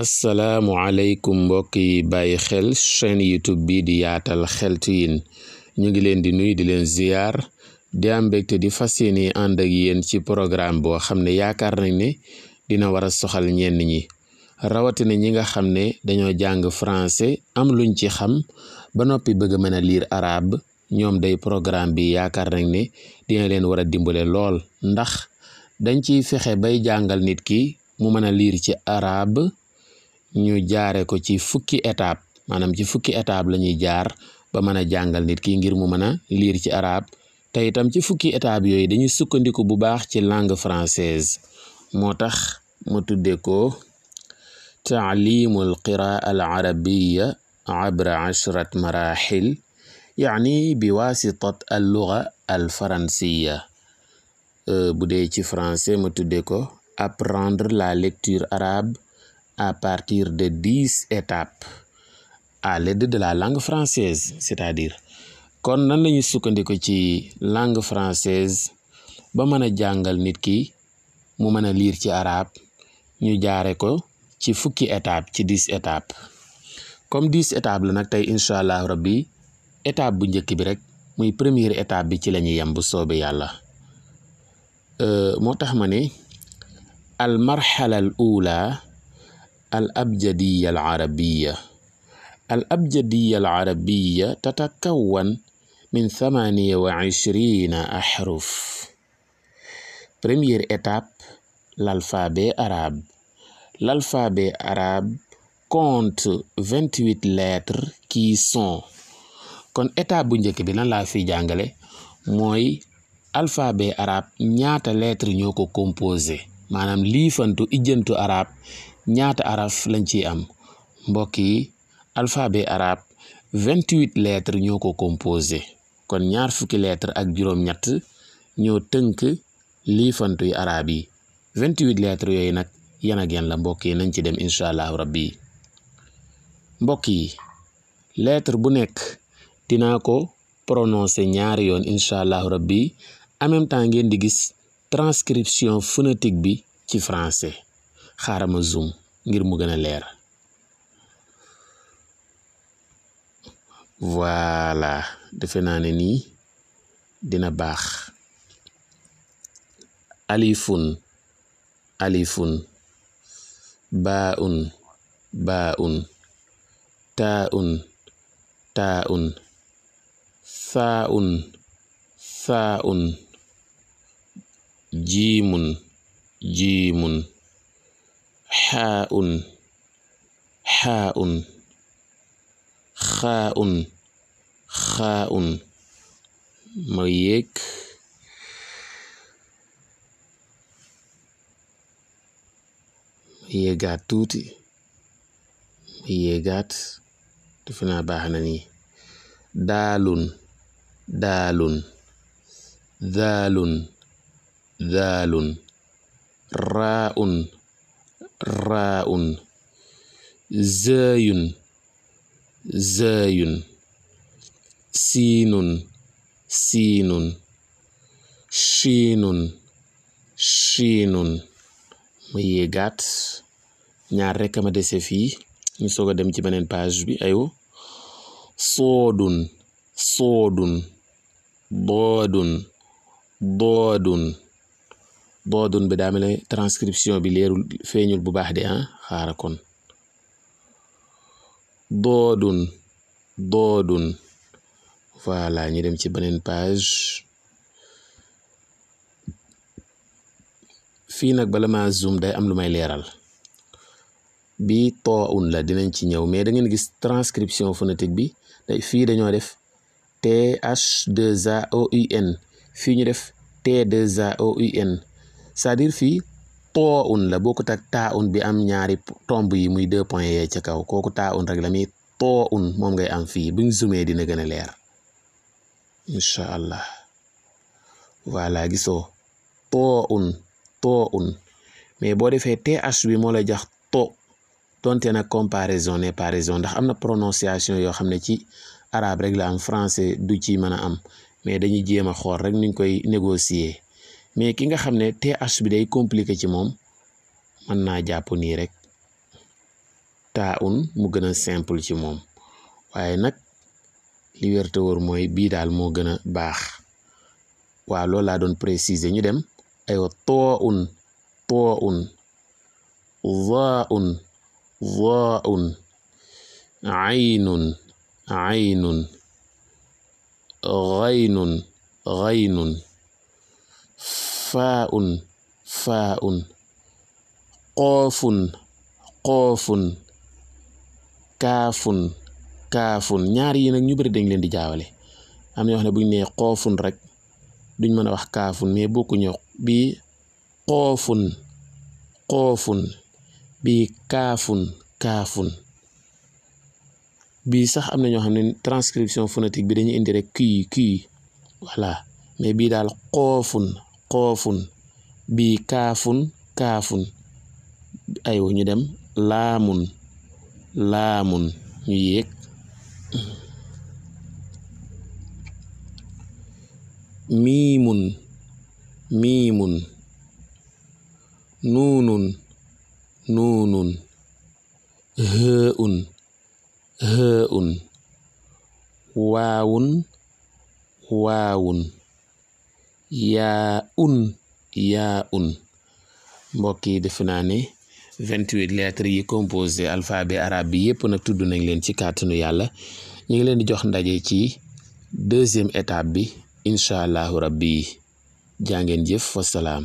asalaamualeykum mbokk yi bàyyi xel chaîne youtube bi di yaatal xeltu yin ñu ngi leen di nuyu di leen ziyaar di am mbégte di fas yéene ànd ak yéen ci programme boo xam ne yaakaar nañ ne dina war a soxal ñenn ñi rawatina ñi nga xam ne dañoo jàng français am luñ ci xam ba noppi bëgg mën a lire arabe ñoom day programme bi yaakaar nañ ne dina leen war a dimbale lool ndax dañ ciy fexe bay jàngal nit ki mu mën a lire ci arabe ñu jaare ko ci fukki étape maanaam ci fukki étape la ñuy jaar ba mën a jàngal nit ki ngir mu mën a liir ci arab te itam ci fukki étape yooyu dañuy sukkandiku bu baax ci langue française moo tax mu tudde ko taalimul qiraa al arabiya abra ashrat marahil yaani bi wasitat al luga al euh, bu dee ci français mu tudde ko apprendre la lecture arabe à partir de dix étapes à l'aide de la langue française c'est-à-dire kon nan lañu sukkandiku ci langue française ba mën a jàngal nit ki mu mën a liir ci arabe ñu jaare ko ci fukki étape ci dix étapes comme dix étapes la nag tey incha allah rabbi étape bu njëkk bi rek muy premier étape bi ci la ñuy yem bu soobee yàlla euh, moo tax ma ne al marxala al الأبجدية العربية الأبجدية العربية تتكون من ثمانية وعشرين arabe. L'alphabet arabe compte 28 qui sont kon étape bu njëkk bi lan laa fi jàngale mooy alphabet arabe ñaata lettres ñoo ko composé maanaam liifantu ijjantu arabe ñaata araf lañ ci am mbokk yi alphabet arab 28 lettres ñoo ko composé kon ñaar fukki lettres ak juróom-ñett ñoo tënk liifantuy arab yi vingt 28 lettres yooyu nag yan ak yan la mbokk yi nañ ci dem incha allahu rabbi mbokk yi lettre bu nekk dinaa ko prononcé ñaari yoon incha allahu rabbi en même temps ngeen di gis transcription phonétique bi ci français xaaral ma zoom ngir mu gën a leer voilà defe naa ne nii dina baax alifun alifun baaun baaun taaun taaun saaun saaun jiimun jiimun xaaun xaaun xaaun xaaun ma yéeg ma yéegaat tuuti ma yéegaat defe naa baax na nii daalun daalun daalun daalun raaun raaun zaayun zaayun siinun siinun shiinun shiinun ma yéegaat ñaar rekk ma dese fii ñu soog a dem ci beneen page bi ayo soodun soodun doodun doodun boodun bi daa mel ne transcription bi leerul feeñul bu baax de ah xaara kon doodun doodun voilà ñu dem ci beneen page fii nag bala ma zoom day am lu may leeral bi too un la dinañ ci ñëw mais da ngeen gis transcription phonétique bi day fii dañoo def T H 2 A O U fii ñu def T de A O c'est-à-dire fii too un la bokkut ak taa un bi am ñaari tomb yi muy deux points yee ca kaw kooku taa un rek la muy too un moom ngay am fii buñ sumee dina gën a leer incha allah voilà gisoo too un too un mais boo defee th bi moo la jax to donte nag comparaison n'est pas ndax am na prononciation yoo xam ne ci arabe rek la am français du ci mën a am mais dañuy jéem a xool rek nuñ koy négocier mais ki nga xam ne TH bi day compliqué ci moom mën naa jàpp nii rek taa un mu gën a simple ci moom waaye nag li wér mooy bii daal moo gën a baax waa loolu laa doon préciser ñu dem aywa too un too un vaa un vaa un aynun aynun gaynun gaynun faaun faaun qoofun qoofun kaafun kaafun ñaar yi nag ñu bari dañ leen di jaawale am na yoo xam ne buñ nee xoofun rek duñ mën a wax kaafun mais bokkuñu bii xoofun xoofun bii kaafun kaafun bii sax am na ñoo xam ne transcription phonétique bi dañuy indi rek kii kii voilà mais bii daal xoofun xoofun bii kaafun kaafun aywa ñu dem laamun laamun ñu yéeg miimun miimun nuunun nuunun hëun hëun waawun waawun yaa un yaa un mbokki yi defe naa ne 28 lettres yi composé alphabet arabe bi yépp nag tudd nañ leen ci kàttanu yàlla ñu ngi leen di jox ndaje ci deuxième étape bi incha allahu rabbi jaa ngeen jëf wasalaam